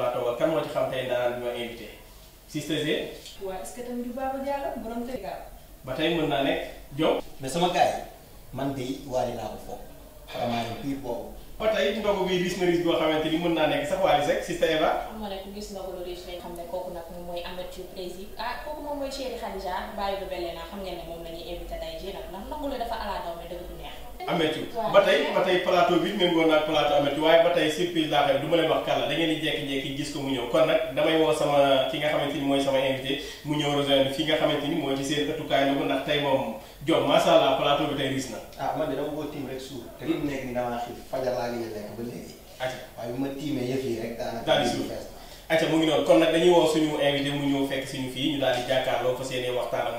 waa toogal kan moo ci xam tey ndaanaan bi ma invité Sister Z. waaw est-ce que tamit du Baba Diallo borom tey ba tey mën naa nekk Diop. mais sama gars yi man de Wally laa ko foog. vraiment ni pire boobu. ba tey ndogu riis na riis boo xamante ni mën naa nekk sax Wally Seck Sister Eva. xam nga nag gis na lu riis lañ xam ne kooku nag moom mooy Amathou Prési ah kooku moom mooy Chéri Khadija bàyyi du bële naa xam ngeen ne moom la ñuy invité tey jii la ameti ba tey ba tey plateau bi méngoo naag plateau ameti waaye ba tey surprise laa xam du ma leen da ngeen di jékki-jékki gis ko mu ñëw kon nag damay woo sama ki nga xamante ni mooy sama invité mu ñëw rejoindre fi nga xamante ni mooy ci seen ëttukaay la ko ndax tey moom Diop macha allah plateau bi tey riis na. ah man de dama ko rek suur te li mu nekk nii damaa xiif fajar laa ngi lekk ba léegi. waaye bi ma tiimee yëf yi rek daanaka acca mu ngi noonu kon nag dañuy woo suñu invité mu ñëw si suñu fii ñu daal jàkkaarloo fa waxtaan ak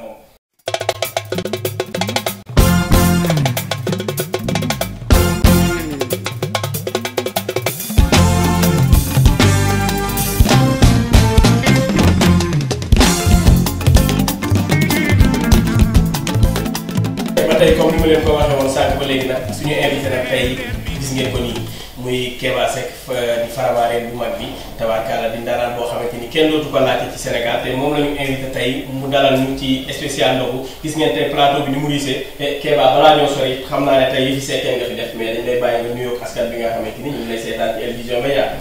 ma leen ko waxee woon sànq ba léegi nag suñu invité nag tey gis ngeen ko nii muy Kéba Seck di faramareen bu mag bi tabaarkalla di ndaraan boo xamante ni kenn dootu ko laajte ci Sénégal te moom la ñu invité tey mu dalal ñu ci spécial ndogu gis ngeen tey plateau bi ni mu riisee te Kéba balaa ñoo sori xam naa ne tey yëfi seeteen nga fi def mais dañ lay bàyyi nga nuyoo askan bi nga xamante ni ñu lay seetaan ci El Vision Médias.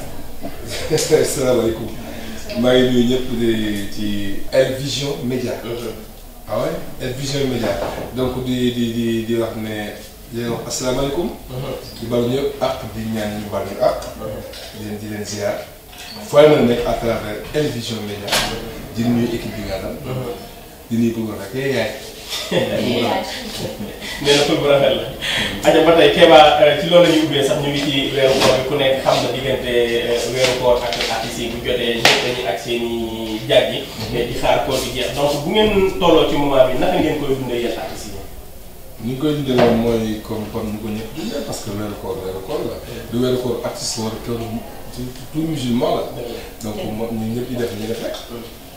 asalaamaaleykum maa ngi nuyu ñëpp di ci El Vision Médias. Mhm. waaw ah oui Vision Média donc di di di di wax ne di leen wax asalaamaaleykum. Uh-huh. di baal ñëpp ak di ñaan ñu baal ñu ak. Uh-huh. di leen di leen fooy mën a nekk à travers El Vision Média. di nuyu équipe bi nga xam. Uh-huh. di nuyu bëggoon ak yaay. nee na tur bu rafet la. aja ba tey Kéba euh, ci loolu la ñuy ubbee sax ñu euh, ak artistes yi bu jotee ñëpp ak seen i jàggi mhm. di xaar koor bi jeex donc bu ngeen tolloo ci moment bi naka ngeen koy dundee ni ñu koy dundee mooy comme comme ni ko ñëpp dundee parce que weeru koor weeru koor la. du weeru koor artiste war a kër tout musulman la. donc moom ñun ñëpp yi def ñu def rek.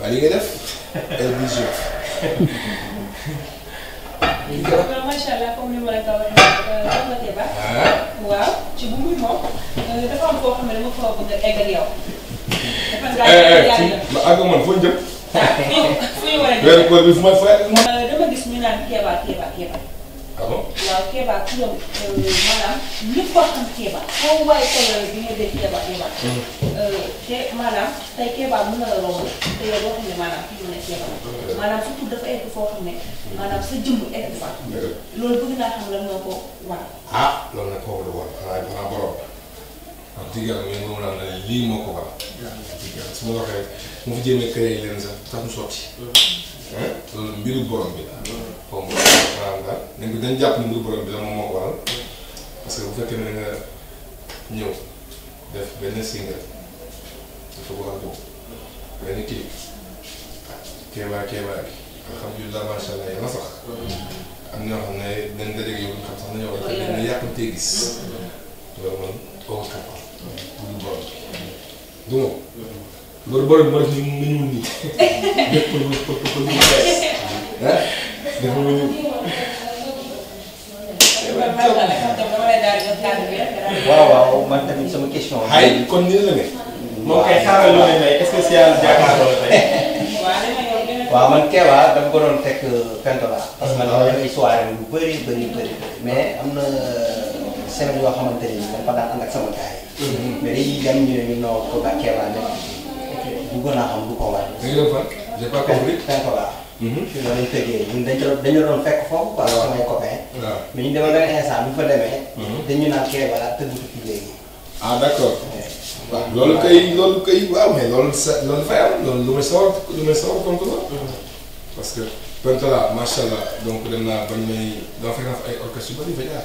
waaw li ngay def El Vision. waaw macha allah comme ni ma la ko waxee euh, ba. Ah. waaw ci bu muy moom euh, dafa am koo xam ne dama ko bëgg a eggal yow. dafa ngaa eh, yàgg eh, man foo jëm. Ah, fu ñu war a jëm. Euh, dama gis ñu naan Kéba Kéba Kéba. ah bon waaw Kéba ku yow maanaam ñëpp koo xam Kéba foo waaye bi nga def Kéba Kéba. Mhm. Euh, te maanaam tey Kéba mën na la romb te yow boo xam ne maanaam fi mu ne Kéba maanaam surtout dafa egg foo xam ne maanaam loolu bëgg naa xam lan moo ko ah loolu nag foofu la war xanaa xanaa borom wax dëgg yàlla mais moom laa ne lii moo ko mu fi jéemee créé leen sax tax mu loolu mbiru borom bi la. comme maanaam moo ko waral parce que bu ne nga ñëw def benn single dafa war a bokk benn clip keebaa keebaa bi alhamdulilah macha allah yàlla sax am ñoo xam ne dañ dajeeg yow xam sax nañoo war ne yàqamtee gis loolu man au capable du moom bu borom moo def nii mu ngi nii lépp lu mu pour pour mu ngi bees ah dafa mu ñëw. waaw waaw man tamit sama question. ay kon nii la ne. moom kay xaaral loo may may est ce que si yàlla jàkkaarloo la tey. waaw man Kéba dama ko doon teg Pentola. parce que man ah. dama def ay soirée yu bëri bëri bëri mais am na semaine yoo xamante ne dafa daan ànd ak sama gars yi. Mm-hmm. mais dañuy dem ñu ne ñu noo ko ba Kéba nekk. bëggoon naa xam bu ko waaj. da ngeen fa j'ai pas compris. dañ tëggee ñun dañ doon dañu doon fekk foofu. waaw samay copains. waaw mais ñu demoon benn instant bu fa demee. dañu naan kee balaa tëggu tukki léegi. ah d'accord. waaw loolu kay loolu kay waaw mais loolu sa loolu fay am loolu lu may sawar lu may sawar tontu la. parce que Pentola macha allah donc dem naa bañ may dama fekk naa fa ay orchestre yu bëri yu fa jaar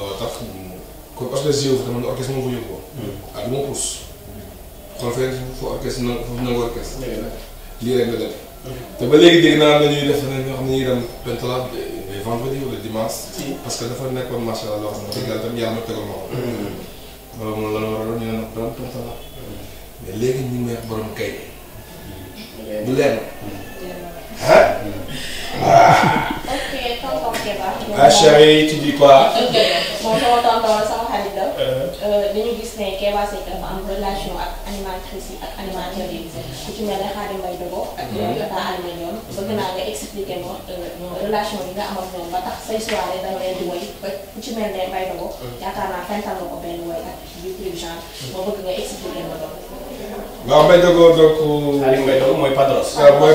loolu tax ko parce que jiw dama ne orchestre moom fa yóbboo. ah du ma pousse. xool fenn orchestre nangu orchestre. lii rek la def. Hmm. te ba léegi dégg naa la na ñoo xam ne ñuy dem pentala les vendredi wala dimanche. parce que hmm. hmm. ñu war a doon ñu ne nag daal mais léegi ñu may borom kay. bu leer na. ok tonton Keba. ah chérie tu dis quoi. ok moom euh. euh, gis ne Keba Seck dafa am relation ak animatrice yi ak animateurs yi ku ci mel ne Dogo mhm. nga expliquer ma euh, relation nga am ak ñoom ba tax say soirée di woy ba ne Mbaye Dogo mhm. yaakaar naa fental nga ko benn woy ak bii plus mhm. nga expliquer ma Padros. waaw mooy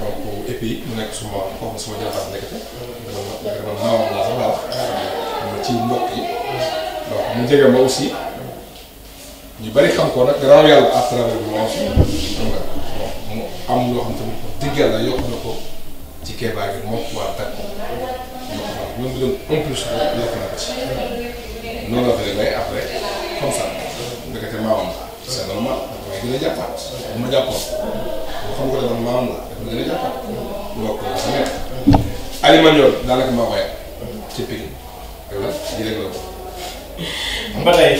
donc et puis mu nekk suma kooku suma jàmbaar nekkati. dama dama maamam laa sax laa wax. ci mbokk yi. donc mu jege ma aussi ñu bari xam ko nag gannaaw yàlla à ci keebaay bi moom waa tàkk yokk na ko même bu doon en ci noonu la lay après comme ça ndekete maamam c'est normal da koy gën a ma jàppoon. xam nga dama maam la dafa gën a jàppal. mbokk la dafa neex. Aliou Mandione daanaka maa koy ci Pikine. voilà jërëjëf la ko. ba tey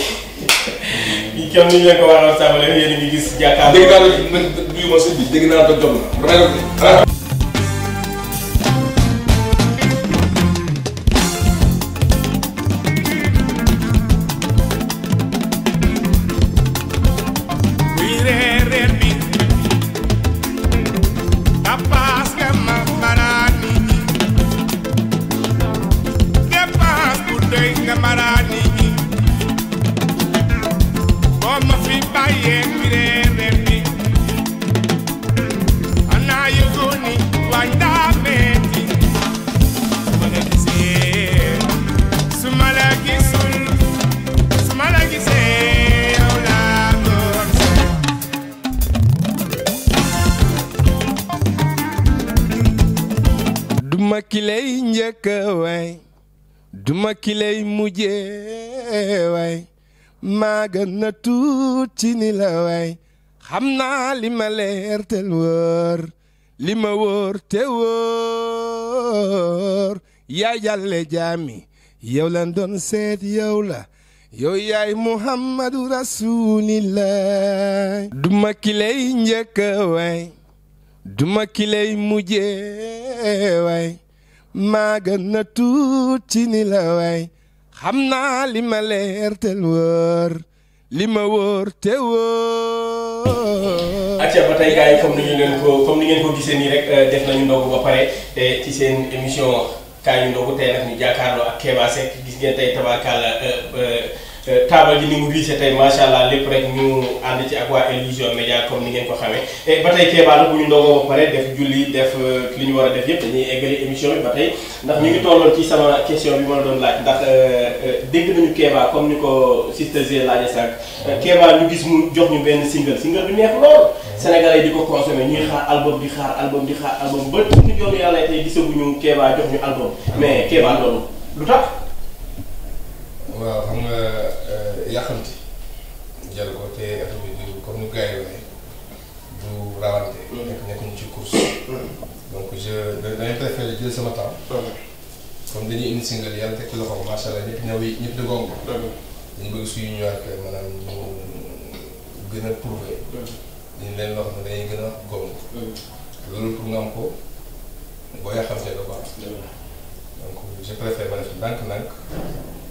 comme ni ñu leen ko waxee sàmm leen yéen a ngi gis jàkkaarloo. dégg naa la man déglu ma sëñ bi dégg na. ki lay mujjee waay maa gën a tuut ci ni la waay xam naa li ma leer te wóor li ma wóor te wóor yaay jàlle jaami yow lan doon seet yow la yow yaay muhammadu rasulillah duma ki lay njëkk duma ki lay mujjee maa gën a tuut ci ni la waay xam naa li ma leer te wóor li ma wóor te wóor. acca ba tey gars yi comme ni ñu leen ko comme ni ngeen ko gisee nii rek euh, def nañu ndogu ba pare ci seen émission kaa ñu ndogu tey nag ñu jàkkaarloo ak Keba Seck gis ngeen tey tabaarkàlla. Euh, euh, Euh, taabal ji ni mu gisee tey macha allah lépp rek ñu ànd ci ak waa El Vision comme ni ngeen ko xamee ba tey Kéba la bu ñu ndogoo ba pare def julli def euh, li ñu war a def yëpp dañuy eggali émission bi ba tey ndax ñu ngi tolloon ci sama question bi ma la doon laaj ndax euh, dégg nañu Kéba comme ni ko Sister Zé laajee sànq. Kéba ñu gis mu jox ñu benn single single bi neex lool. Sénégalais di ko consommé ñuy xaar album di xaar album di xaar album ba tuuti jox yàlla tey gisaguñu Kéba jox ñu album. mais Kéba loolu lu tax. waaw xam nga euh, yàqamti jël ko te affaire bi du comme nu gars yi waxee du rawante. Mm-hmm. nekk nekk ñu ci course. Mm-hmm. donc je dañuy sama temps. Mm-hmm. comme dañuy indi single yàlla teg ci loxo macha allah ñëpp ñëw yi ñëpp dëggoo ko. dañu bëgg suñu ñëwaat maanaam ñu gën a prouvé. dañu leen loo xam ne dañuy gën a góob. loolu pour nga am ko boo yàqamtee da ko am. donc je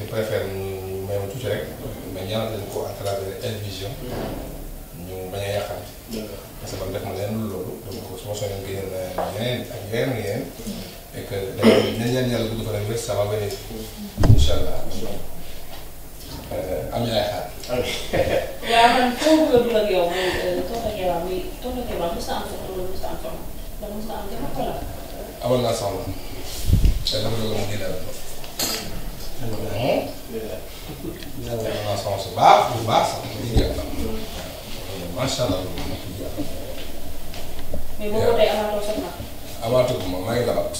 je préfère ñu may ma tuuti rek ma ko à travers El Vision ñu bañ a yàqal parce ma leen loolu donc su ma soñoon génn yeneen ak yeneen yeneen et que dañu nañ leen allah euh, am yaay xaar waaw man foofu la dul ak yow mooy euh, Tonton Keba mi Tonton Keba mos na am soxla loolu mos na am soxla ndax mos na am jamono la amoon naa soxla te dama Não. Não. Em relação aos barcos, basta. Masha Allah. Mais beaucoup de amato sotna. Amato kuma may labat.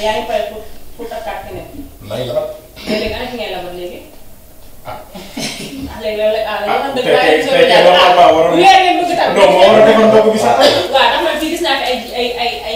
Mais yaay pay Ah, pour takkat kenen. May labat. Mais leg ana ngay labat legi. Ah. Leg leg ala ñu bëgg ay so ya. Wér ngeen bëgg tam. Non mo wara defal ko bi sa. Wa dama fi gis na ay ay ay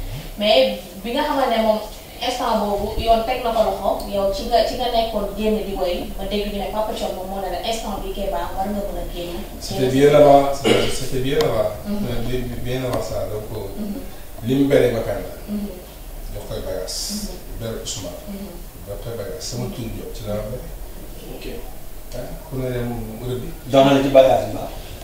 mais bi nga xamante ne moom instant boobu yoon teg na ko loxo yow ci nga ci nga nekkoon génn di woy ma dégg ñu ne Papa Thione moom moo ne la instant bi Kéba war nga mën a génn. c'était bien avant c'était bien avant. Mhm. Euh, bien avant ça donc. Euh, mhm. li mu bëree bakkan la. Mhm. daf koy bagaas. bëri Ousmane. daf koy bagaas sama tur bi ci laa bëri. ok ah ku ne leen mu rëbbi. doon na la ci bagaas bi baax.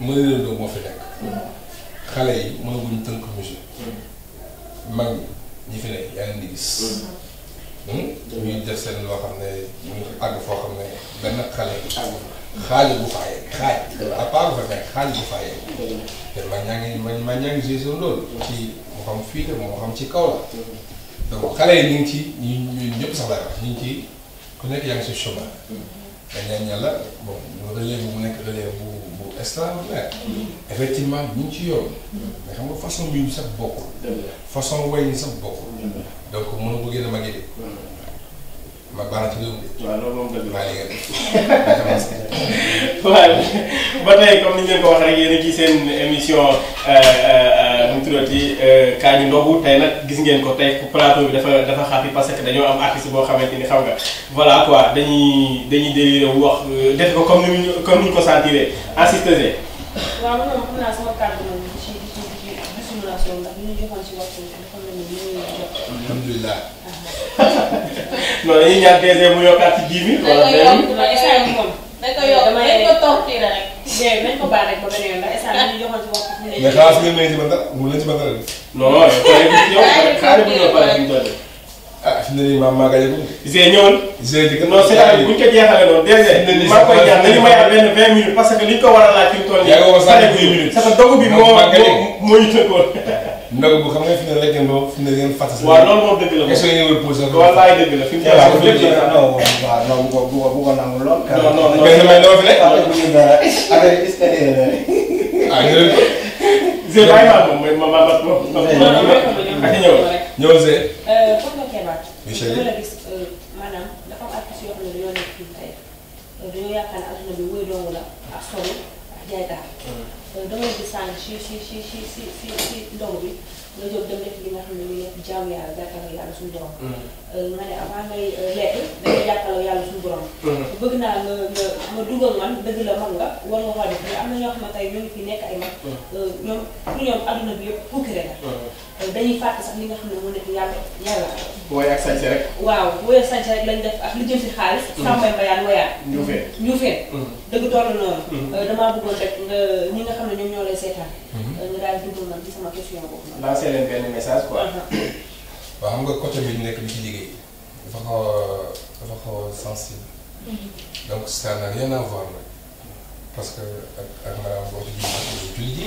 mëneena doo moo fi nekk xale yi mënaguñ tënk musique fi ne yaa leen di gis hmm? ñuy def seen loo xam ne ñu àgg foo xam ne benn nekk xaali ngi man man ci mu fii la ci kaw la yi ñu ngi ci ñu ñu nekk yaa ngi si chemin dañ ñaan yàlla bon relève bu mu nekk relève bu extraordinaire effectivement ñu ngi ci yoon mais xam nga façon bi ñu sax bokkul façon way ñu sax bokkul donc mën a bu gën a ma baal ci loolu. waaw loolu moom dëgg ba tey comme ngeen ko wax rek yéen a ci seen émission euh, euh, nu mu tuddati euh, Kañu gis ngeen ko tey plateau bi dafa dafa xaati parce que dañoo am artiste boo xamante ni xam nga voilà quoi dañuy dañuy déliré wu wax def ko comme ko sentiré assisté. alhamdulilah. non dañuy não DG mu yokkaat não ji mi. wala benn não koy yokk dañ não toog kii la rek. não nañ ko não rek ba beneen yoon ndax não bii ñu joxoon ci waxtu. mais xaaral si ngeen may ci mën dara mu leen ci mën dara de. non non não xaaral bu ñëw não fi mu toll não não mu ne nii não maa gaañagum. não ñëwoon. Zé di não c'est bu ñu ko jeexalee noonu. dèjà ndaw bu xam nga fi la moom question yi ñu posé. wallaay dëgg la fi mu ne waaw dëgg la non non bu ko bu ko bu ko nangu lool. non non non benn may dama fi nekk. ma ma ma yoo xam ne Euh, damay gis sànq si si si si si si bi nga jóg dem def li nga xam ne muy nekk jaamu yàlla borom. Mm. Euh, nga ne avant ngay euh, lekk dangay jàkkaarloo yàlla suñu borom. Mm. bëgg naa nga nga nga dugal man dëgg la mag nga war war a def am na ñoo xam ne tey ñoo ngi fi nekk ay mag. Mm. ñoom pour ñoom bi yëpp pukkire la. Euh, dañuy fàtte sax li nga xam ne moo nekk yàlla yàlla. wooyee ak sañse ak sañse rek lañ def ak li jëm si xaalis. Mhm. sàmmay mbayaan woyaan. ñu fee ñu fee. Mhm. dëgg toll noonu. Mhm. Euh, damaa bëggoon rek nga nga xam ne ñoom ñoo lay seetaan. Euh, nga daal di dugg man ci sama question boobu. lancer leen benn message quoi. Uh-huh. waaw xam nga côté bi ñu nekk li ci liggéey dafa xaw a dafa xaw a sensible. n'a rien à voir parce que ak ak maanaam boo ko ji.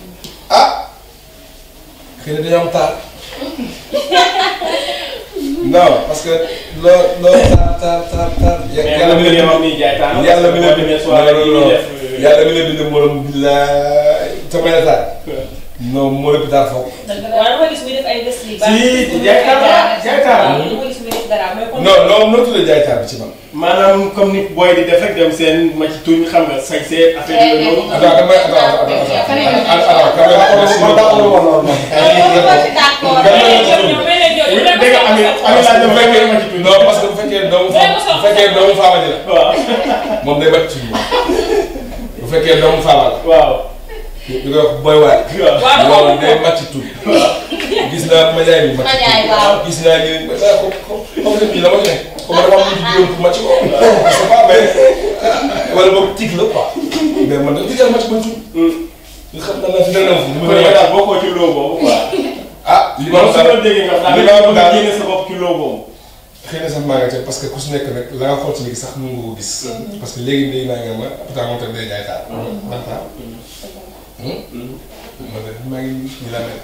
xëy na dañoo am taal non parce que loo loo taal taal taal taal. yàlla mi leen di yàlla mi leen di yàlla mi leen di morom bi la commune taal. jaay taal jaay taal. dama gis muy def jaay taal bi maanaam comme nit booy di def rek dem seen ma ci tuñ xam nga sañ see affaire yooyu noonu. attends damay attends parce que bu fekkee doomu faama bu fekkee doomu faama ji la. waaw moom day bàcc ci bu fekkee doomu faama la. waaw. ñu koy wax booy waay. waaw loolu day bàcc tuñ. gis naa ma jaay bi ma. ma jaay waaw gis naa ñu ma jaay ko comme comme la ma comme dafa am lu jigéen bu ma ci woo. Oh, c'est pas vrai wala boog tig la quoi. mais man da digal ma ci bëccëg. xam naa ne dana am. mu ne daal boo ko ci loo boobu quoi. ah li ma la ko déggee nga xam ne nga génne sa bopp ci loo boobu. xëy na sax maa ngi parce que ku si nekk nag la nga xool ci léegi sax mën nga ko gis. Mm-hmm. parce que léegi léegi naa nga ma pourtant moom tamit day jaay taal. man mm-hmm. taal. Mm-hmm. Hmm? man de maa ngi ñu la mel.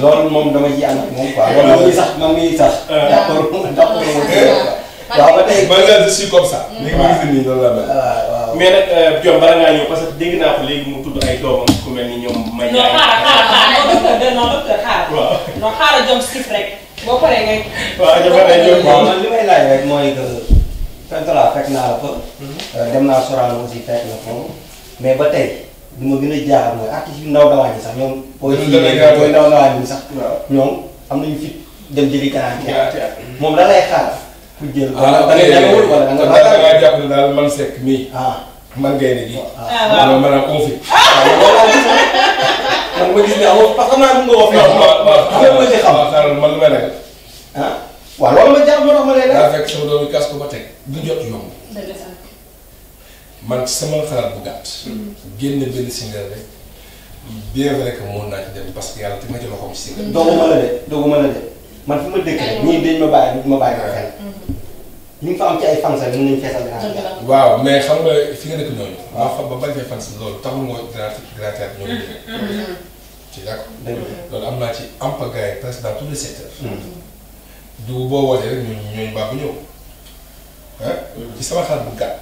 loolu moom dama ji ànd ak moom quoi. Eh, loolu sax moom mii sax. Eh. d'accord d'accord waaw ba tey man daal je suis comme ça. Mm. léegi ma gis nii noonu la mel. Ah, mais nag Diome euh, bala ngaa ñëw parce que dégg naa ko léegi mu tudd ay doomam ku mel ni ñoom. may yaay non xaaral xaaral non docteur non docteur xaaral. waaw non xaaral Diome sif rek. boo paree ngay. waaw dafa lay jóg waaw man li may laaj rek mooy que Fentola fekk naa la fa. Mm-hmm. Euh, dem naa Sorano aussi fekk na fa mais ba tey. li ma gën a jaaxal mooy artiste yu ndaw ndawaan yi sax ñoom. boo ndaw ndawaan yi sax. ñoom am nañu fit dem jëli kanam. moom da lay xaar. kuñ jël ah, wala da ngay jàngawul wala da nga jàpp ne daal man sekk mii. Ah. man ngay ne nii. waaw man a conflit. Ah. man ma gis ne amoo parce que xam naa mun nga wax. waaw waaw xam nga man lu may ragal. ah waaw loolu ma jàpp moo tax ma lay. daa fekk sama doom yi kas ko ba teg du jot yomb. man sama xalaat bu gàtt. Hmm. génn benn single rek bien vrai que mën naa ci dem parce que yàlla te ma ci loxoom single. dooguma la de dooguma la de. man fu ma dëkk rek ñii ma bàyyi ma bàyyi ma fenn. ñu ngi fa am ci ay fans waaw mais xam nga fi nga dëkk ñooñu. waaw xam ba bañ fee fans mm-hmm. Mm-hmm. ci d'accord loolu am naa ci ampagaay presque dans tous les secteurs. Mm-hmm. du boo wootee rek ñun ñooñu baax ñëw ah. ci sama xalaat bu gàtt.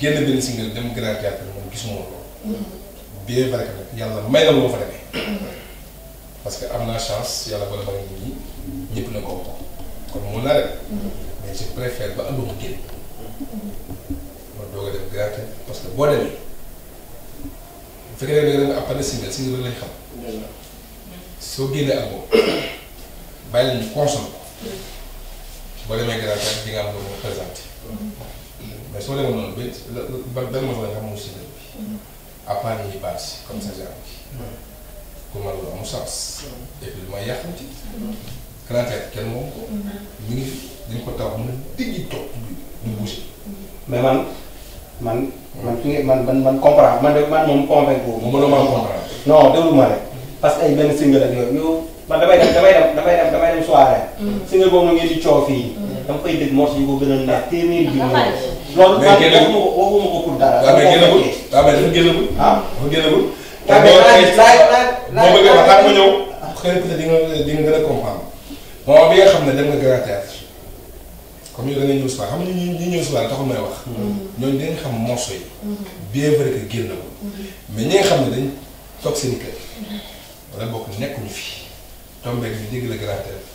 génn benn single dem grand théâtre moom gisuma loolu. bien vrai que yàlla may la moo fa demee. parce am naa chance yàlla bala may nit ñi. ñëpp na ko waxoon kon mun naa rek mm-hmm. mais je génn ma mm-hmm. doog a def gratter parce que boo demee bu fekkee single single lañ xam soo génnee ak boobu bàyyi la ñu consomme ko mm-hmm. boo di nga am loolu présenté mais soo demee noonu ba benn mos la nga xam moom single bi à part yi base comme ça genre bi ma loolu claquette kenn moom ko ñu ngi fi dañ ko taw mu diggi toog du bouger mais man man man fi man man eh, man comprendre man de man moom convaincre wu mënu ma comprendre non déglu ma rek parce que ay benn single ak yooyu yow man damay dem damay dem damay dem damay dem soirée single boobu na ngeen di coow fii dama koy dégg morceau yu ko gën a neex téeméer bi ñëw loolu man waxuma ko pour dara waaw mais génnagul waaw mais dafa génnagul ah dafa génnagul te boo laaj laaj laaj boo bëggee waxaat ma ñëw xëy na peut-être di nga di nga gën a comprendre moment bi nga xam ne dem nga grand théâtre comme ñu da ngay ñëw soir xam nga ñu ñëw soir taxul may wax. Mm-hmm. ñooñu dañ xam morceau yi. Mm-hmm. bien vrai que génn ko mm-hmm. mais ñi xam ne dañ toog seen kër. wala bokk nekkuñu fi tombeeg ñu dégg la grand théâtre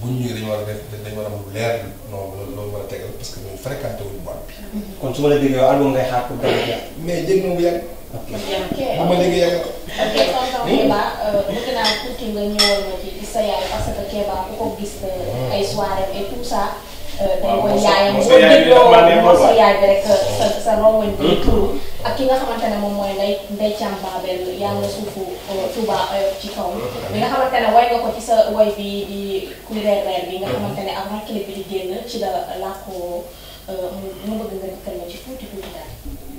buñ ñëwee dañu war a def dañ war a am lu leer non loolu war a tegal parce que ñun fréquenté wuñu boîte bi. kon su ma la déggee album ngay xaar pour mais jënd bu yàgg. ma léegi yàgg. nga ñëwal ma ci sa yaay parce que Kéba ku ko gis euh, ah. ay soirée et tout ça. Euh, ah, day koy yaayam boo sa yaay bi rek euh, sa sa bi hmm? ki nga xamante ne moom mooy nday nday càm Babel bi di kuy reer reer bi nga xamante ne hmm. la làkk mu bëgg nga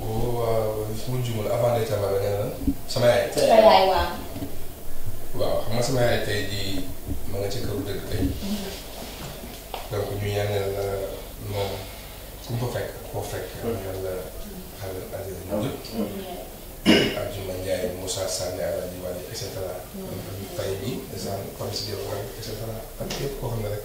waaw su ma jumul avant day tabax nee na sama yaay. sa yaay waaw. waaw xam nga sama yaay tey jii ma nga ci kaw dëgg tey donc ñu ñaanal moom ku mu fa fekk koo fekk. yàlla xale Aziz Ndiop. ak Juma Ndiaye Moussa Sané Aladji Wali et cetera. ak tay bi Zane Paris Diop et cetera ak képp koo xam ne rek.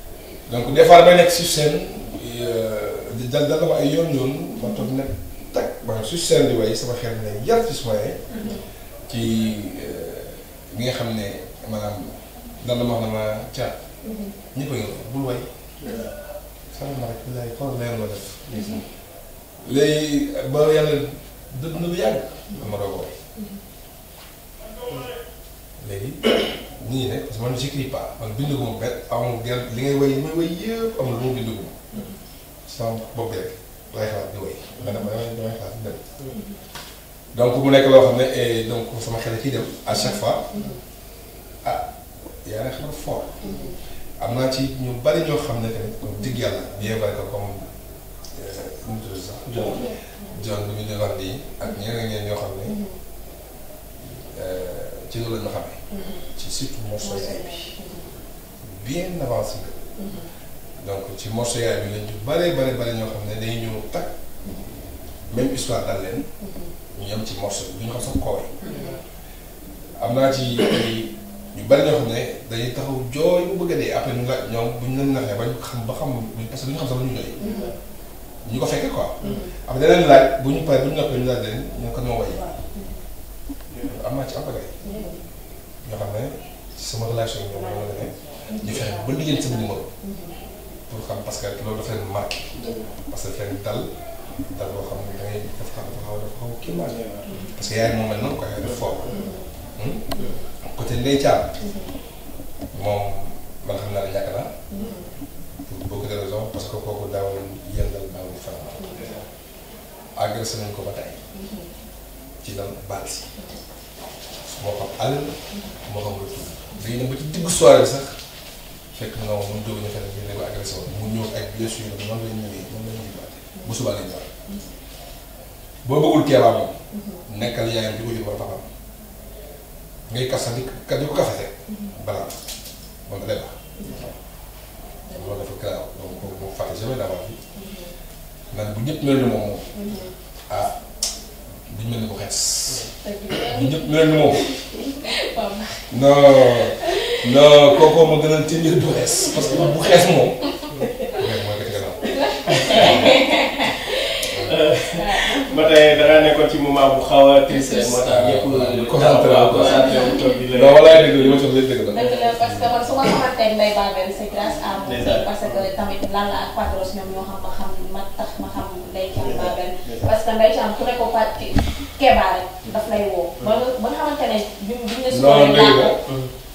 donc des fois damay nekk sur scène euh, di ay yoon yoon ma toog nag tag maanaam sur scène di way sama xel ne yar ci suma ci bi euh, nga xam ne maanaam dal la ma wax ma caat ñëpp a ngi bul way sama ma rek laay xool leer ma def léegi ba yàlla dëdd na lu yàgg ma doog way léegi nii nag parce que man j'écris man bindu ko mu pet amul gerte li ngay way may way yëpp amul mu bindu ko. sama bopp rek lay xalaat di way. man damay damay xalaat di dem. donc mu nekk loo xam ne eh, donc sama xel ciy dem à chaque fois ah yaa ngi xam fort. am naa ci ñu bari ñoo xam ne tamit comme digg yàlla bien vrai que comme euh, nu mu tudd sax. John John bi ñu doon wax nii ne. Euh, ci loolu na ñu xamee. Mm-hmm. ci surtout morceau yaay bi. Mm-hmm. bien avancé nga. Mm-hmm. donc ci morceau yaay bi lañ ñu bare bare bare ñoo xam ne day ñëw tag même ci morceau bi ñu xam sax koo am ñu bari ñoo ne dañuy taxaw jooy a dee bu ñu leen ba ñu xam ba xam parce que bu ñu xam sax ba ñu jooy. ñu ko fekkee quoi. après danañ laaj bu ñu paree bu ñu noppee ñu laaj ko noo wéy. am naa ci am bagay yoo xam ne sama relation yi ñoom ñoo la ne ñu fexe ba liggéeyal sama numéro pour xam parce que loolu dafa leen marqué parce que dafa leen dal dal boo xam ne da ngay dafa xam dafa xaw dafa xaw kii maa parce que yaay moom mel noonu quoi yaay def foofu hmm? côté Ndeye Thiam moom man xam naa ne ñàkk naa pour beaucoup de raisons parce que kooku daawul yëngal daawul faral agressé nañ ko ba tey ci lan baal si moo xam àll moo xam retour dañuy dem ba ci diggu soirée sax fekk na nga moom dóobu ñu fenn ñu ne ko agressé woon mu ñëw ay blessure la noonu la ñëwee moom nekkal yaayam ngay kaf sax di ka di ko kafate balaa moom la loolu dafa garaaw donc boo fàtte jamais d'abord bi mhm. bu ñëpp mel ni moom moom ah Il non non gënal ci parce que ba tey da ngaa nekkoon ci bu xaw a triste moo tax ñëpp. concentré di la. non walaay dëgg la parce que man su ma xamante Mbaye Babel c'est grâce à moom parce que tamit lan la ak Padros ñoom ñoo xam ma xam ma tax ma xam Mbaye Thiam Babel. parce que Mbaye Thiam mm. la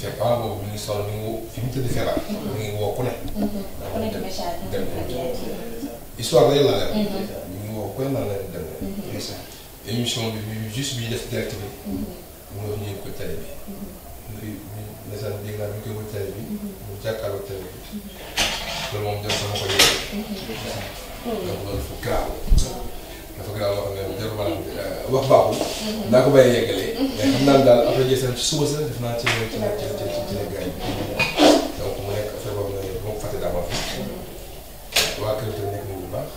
fekkaama boobu ñu ngi sol ñu ngi fi mu tëdd feebar. ñu ngi woo ku ne. ku nekk message bi dem histoire lay la ñu ngi woo ku ne la leen demee. émission mhm. bi bi juste bi def dafa gën a loo xam ne jarul wax baaxul. naa ko bàyyi yeggalee. mais xam naa ne daal après jeexal ci suba si la def naa ci ci ci ci ci la gaañ. donc mu nekk affaire boobu nag moom fàtte daa ma fi. waa kër te nekk nañu bu baax.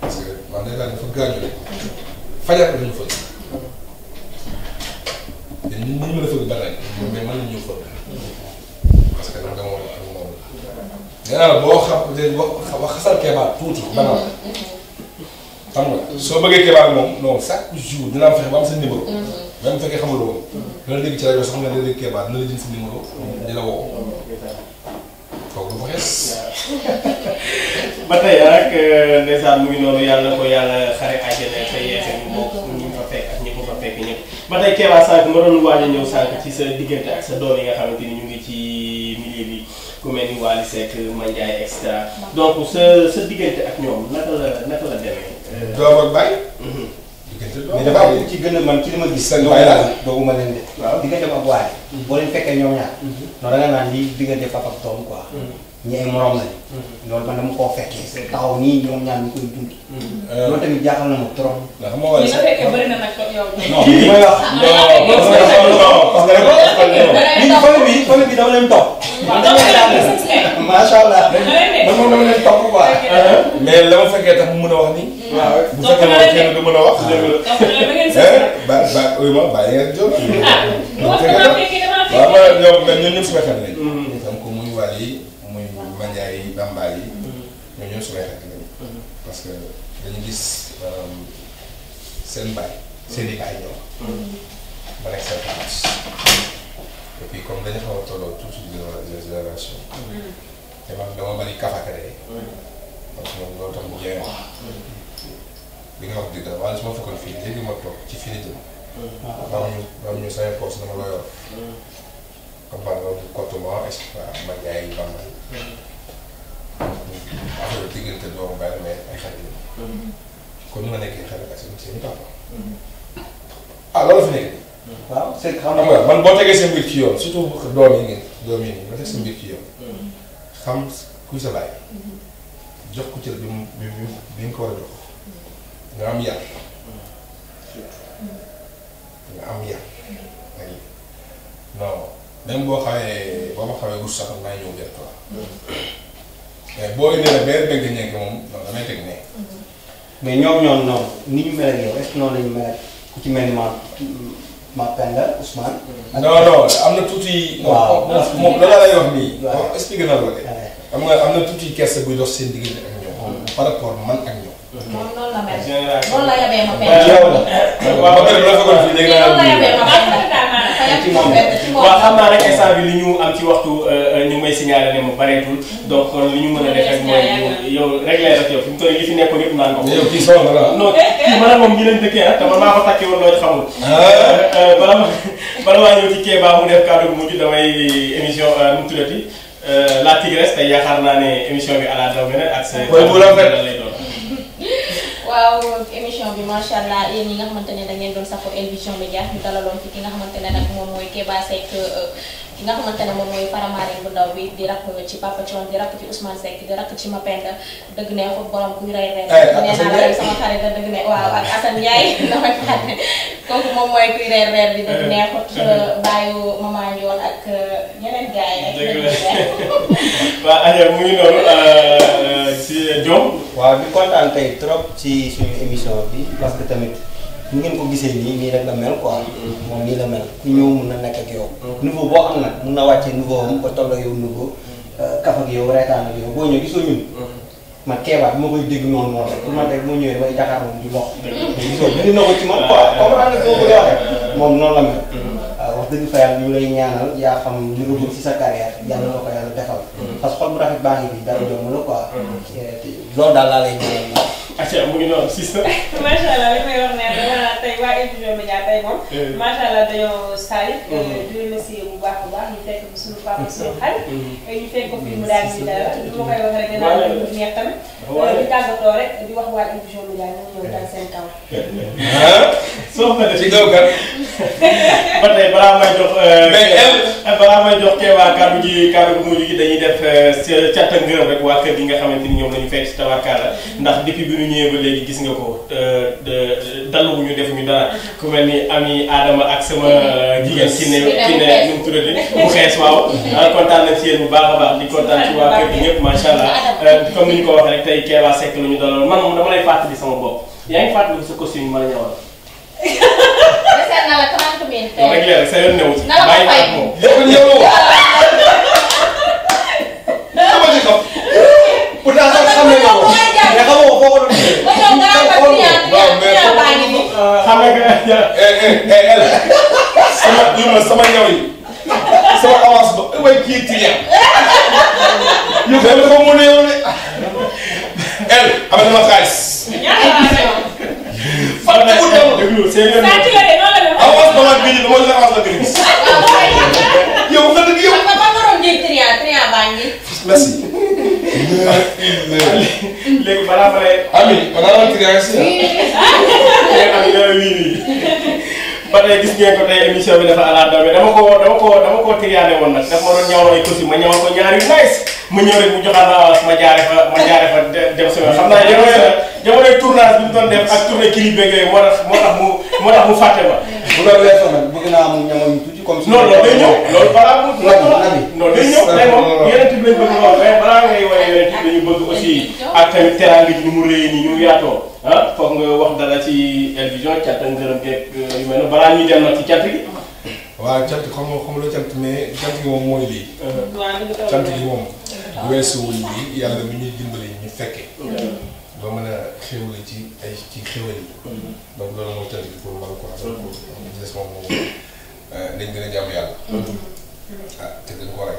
parce que man dañ daal dafa gaañu rek. fajar ko dañu fëgg. te nit ñi mën a fëgg bari nañ. mais mën nañu fëgg. parce que dama dama war a am moom. nee naa la boo xam wax xasal keebaat tuuti. banal. xam nga soo bëggee xibaar moom non chaque jour dinaa fexe ba sa numéro. Mm-hmm. même bu fekkee xamuloo ko. loolu léegi ci rajo sax nga dégg xibaar dina la jël sa euh, mu ngi noonu yàlla na ko yàlla xare àjjana te yeexe ñu bokk mm-hmm. ñu fa fekk ak ñi ko ba tey Kéba sànq nga doon waaj a ñëw ci sa diggante ak sa doom yi nga xamante ñu ngi ci milieu bi. ku mel ni Wally Seck Mandiaye et mm-hmm. sa sa diggante ak ñoom naka la naka la doom ak baay. Mhm. diggante doom ci gën a ma gis. seen baay la doogu ma leen de. waaw diggante ak waay. Mhm. boo leen fekkee ñoom ñaar. Mhm. non da nga naan lii diggante papa ak doom ñi ay morom lañ. Mm-hmm. loolu man dama koo fekkee. taxaw nii ñoom ñaar ñu koy dund. Mm-hmm. loolu tamit jaaxal na ma trop. nga xam nga fekkee bëri na nag yow. non li may wax. Ah, non bi fële bi dama leen topp. macha allah. man moom dama leen topp quoi. mais la ma fekkee tax mu mën a wax nii. Mm-hmm. Ah, waaw bu fekkee loolu kenn du mën a wax. Ah. Eh, ba ba ma bàyyi ak jóg. waaw ma ñoom ñun ñëpp fekkan lañ. donc muy wàll yi. muy manjaay yi bambaay yi. Mm-hmm. ñoo ñoo sumay rakk lañu. Mm-hmm. parce que dañu gis euh, seen baay. seen i baay ñoom. ma mm-hmm. nekk seen parents. et puis comme dañu xaw a tolloo tout de suite génération. te man dama bari kafakare. parce que loolu tax ñu jéem wax. li nga wax dëgg la waaye su ma fekkoon ma toog Balla Kotuma est-ce que man yaay Balla. affaire diggante doomu Balla mais ay xarit la. kon ni ma nekkee xarit ak seen seen i papa. ah loolu fi nekk. waaw c'est xam nga man boo tegee seen mbir ci yoon surtout doom yi ngeen doom yi ngeen nga teg seen mbir ci yoon. xam kuy sa laay. ko bi mu bi mu bi nga ko nga am nga am yar. même boo xawee boo ma xawee wut sax maa ñëw jot quoi. mais boo indee nag benn benn ñeeg moom donc damay teg ne. mais ñoom ñoom noonu ni ñu mel ak yow est-ce la ñu mel ku ma ma Penda Ousmane. non am na tuuti. waaw moom la lay wax nii. waaw na la am na tuuti kersa buy dox seen diggante ak ñoom. par rapport man ak ñoom. moom noonu la mel. noonu la yabee ma Penda. waaw waaw ba pare bu la fekkoon fii léegi laa ci moom waaw xam naa bi li ñu am ci waxtu euh, euh, ñu may signaler ne mu bareetul donc kon li ñu mën a def rek mooy ñu yow réglé rek yow fi mu toll li fi nekkoon yëpp naan ko yow kii soxla la non eh, eh. man ak moom ñi leen dëkkee nag ah, te man maa ko takkee woon loo xamul ah. euh, bala ma bala maa ñëw ci Kéba mu def kàddu bu mujj damay émission mu tuddati la tigresse tey yaakaar naa ne émission bi ala daw beneen ak sa waaw émission bi macha allah yéen iya, ñi nga xamante ne da ngeen doon safo El Vision Médias ñu dalaloon fi ki nga xamante ne nag moom mooy Keba Seck ki nga xamante ne moom mooy faramaare bu ndaw bi di rakk ci Papa Thion di rakk ci Ousmane Seck di rakk ci Mapenda dëgg ne borom kuy rey rey. nee naa sama xarit da dëgg ne waaw ak Assane Ndiaye damay fàtte kooku moom mooy kuy reer reer ke, dëgg ne eh. Ba, bàyyu maman Ndiol ya, ak ñeneen gars yi. Ya, ya. waaw mu ngi noonu. Eh, si Diome. waaw di kontaan tey trop ci suñu émission bi parce que tamit ñu ngeen ko gisee nii nii la mel quoi. moom nii la mel ku ñëw na nekk ak yow. niveau boo am nag mun na wàccee niveau am ba toll yow niveau. Euh, kaf ak yow reetaan ak yow boo ñëw gisoo ñun. man keebaat ma koy dégg noonu noonu rek pour man rek moo ñëwee may jaxaaroon di lox. gisoo bind na ko ci man quoi comprendre nga ko bëgg a waxee. moom noonu la mel. Euh, wax dëgg fa yàlla ñu lay ñaanal yaa xam li nga bëgg sa carrière yàlla la ko yàlla defal. parce que xol Iya, iya. lo dalla legge acca mu ngi noonu si sa. macha allah li may wax ne dama tey waa Elvision Média tey moom. Eh. macha allah dañoo Salif. Mm-hmm. Eh, di remercier bu baax a baax ñu fekk ko suñu papa mm-hmm. suñu xarit. Mm-hmm. Eh, ñu fekk ko fi mu daal di dara li ma koy wax rek dinaa la ñu neex tamit. di tàggatoo rek di wax waa Elvision Média ñu ñëw dal seen kaw. Ah, soo ko def ci kaw kan. ba tey balaa may jox. mais El balaa may jox Kewa kàddu gi kàddu gu mujj gi dañuy def cant ak ngërëm rek waa kër gi nga xamante ni ñoom la ñu fekk si tawakkal ndax depuis bi ñu ñëwee ba léegi gis nga ko dallu ñu def ñu dara ku mel ni ami Adama ak sama jigéen ci ne ci ne ñu mu tuddati mu xees waaw ah, kontaan na ci yéen bu baax a baax di kontaan ci waa kër gi ñëpp macha allah eh, comme ni ñu ko waxee rek tey Kéba Seck la ñu daloon man moom dama lay fàttali sama bopp yaa ngi fàttali sa costume ma la ñëwal. desal na la 30 mille. rek léegi sa yoon newu ci bàyyi ak moom lépp ñëwoo. pourtant sax xam nañ ko sama sama ñaw yi sama avance ba way kii ci ñaw. yow dafa ko mën a yow de. El am na ma xaalis. fan la déglu seen yoon avance ba ma gëj dama la avance la gëj. yow nga dëgg yow. ba ba waroon jël triant triant baa ngi. merci. léegi balaa ma lay. Ami balaa ma tiré si. ba tey gis ngeen ko tey émission bi dafa ala dawe dama ko dama ko dama ko tiriyaane woon nag dafa ma doon ñawal ay costume ma ñawal ko ñaari nice ma ñëw rek mu joxaat avance ma jaare fa ma jaare fa dem sama xam naa jamono jamono tournage bi mu doon def ak tournée clip beeg yooyu moo tax moo tax mu moo tax mu fàtte ma. bu doon weesoo nag bëgg naa am ñamoon tuuti comme. non loolu day ñëw loolu balaa mu. loolu day ñëw day moom. yonent bi lañ bëgg lool mais balaa ngay woowee yonent bi dañu bëgg aussi ak tamit teraanga ji ni mu rëy ni ñu yaatoo ah foog nga wax dara ci El Vision cant ak ngërëm geeg yu mel ne balaa ñuy dem nag ci cant gi. waaw cant xam nga xam la cant mais cant gi moom mooy lii. cant gi moom weesuwul lii yàlla mi ñuy dimbali ñu fekkee. ba mën a xéwale ci ay ci xéwal yi. donc loolu moo cant gi pour war ko am. des moom moom dañ euh, gën a jàmm yàlla. Mm-hmm. ah te dañ ko war a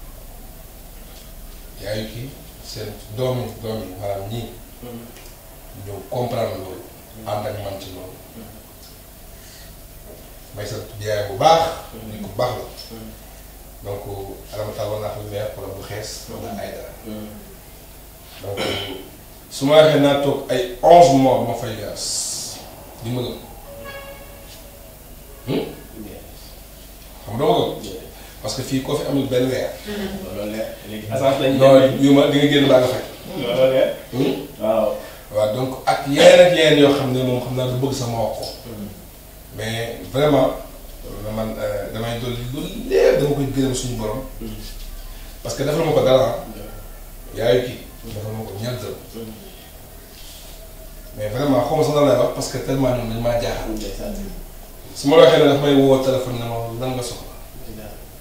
yaa ngi kii seen dorme doomi maanaam ñii ñëw comprendre loolu ànd ak man ci loolu may sant yaay bu baax nit ku baax la donc alhamdulilah para naa para ne wala bu xees wala ay dara donc su ma waxee naa toog ay onze mois ma fay yaas di ma parce que fii koo fi amul benn weer. loolu leer léegi assurance lañ. non waaw. donc ak yeneen ak yeneen yoo xam ne moom xam naa du bëgg sama wax mais vraiment man damay dolli lu leer dama koy gërëm suñu borom. parce que defal ma ko dara yaayu kii defal ma ko ñaar dërëm. mais vraiment xaw ma sax lay wax parce que tellement ñoom dañ maa jaaxal. su ma waxee ne daf may woo téléphone ne ma lan nga soxla.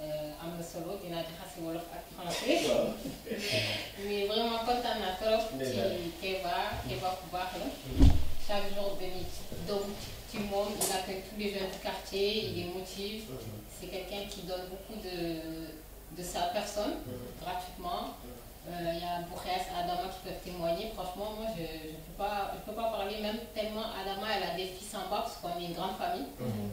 à na solo wolof ak français. mais vraiment quand naa trop. ci Keba chaque jour de Donc le monde, il accueille tous les jeunes du quartier il les motive. c'est quelqu'un qui donne beaucoup de de sa personne. gratuitement. Euh, il y a Bourès, Adama qui peuvent témoigner. Franchement, moi, je ne peux, pas, je peux pas parler même tellement Adama, elle a des fils en bas parce qu'on est une grande famille. Mhm.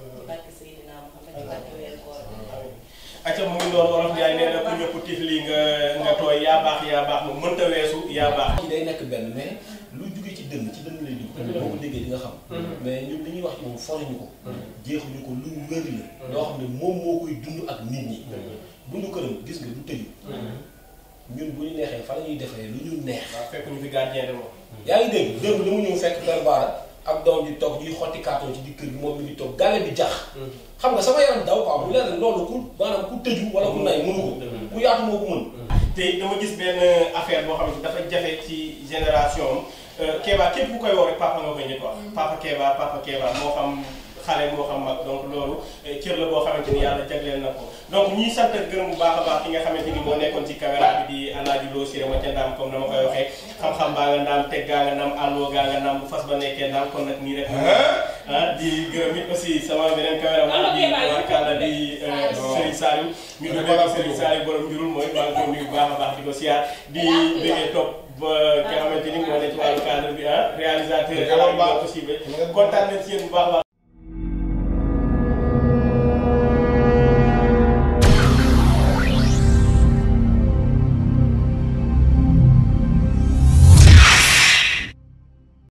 ci barke Seydina Muhammad ci barke weeru koor ah. acca mu ngi doon wolof Njaay nee na ku ñëpp tifli nga nga tooy yaa baax yaa baax mu mënta weesu yaa baax ci day nekk benn mais lu jugee ci dënn ci dënn lay dugg boo li ñuy wax ci moom ko jeexuñu ko lu ne moom moo koy dund ak nit ñi bundu këram gis nga du tëju ñun bu neexee fa la ñuy defee lu ñu neex fekk ñu fi gardien de moom yaa ngi dégg démb dama ñëw fekk benn baara ak doom ji toog ñuy xotti carton ci di kër gi moom mi ngi toog gàlle bi jax xam nga sama yaram daw quoi bu leer loolu ku maanaam ku tëju wala ku nay mënu ku yaatu moo ko te dama gis benn euh, affaire boo xam ne dafa jafe ci génération am euh, Kéba képp ku koy woo rek papa nga koy njëkk wax mm. papa Kéba papa Kéba moo xam xale moo xam mag donc loolu eh, cër la boo xamante ni yàlla jagleel na ko donc ñuy sant ak gërëm bu baax a baax ki nga xamante ni moo nekkoon ci caméra bi di alaaji loo ba nekkee ndaam kon ah, di sama beneen caméra ma di di euh, Serigne Saliou ñu dugg Serigne Saliou borom njurul mooy maa a baax ba nga réalisateur. am na solo kontaan nañ ci bu baax a baax.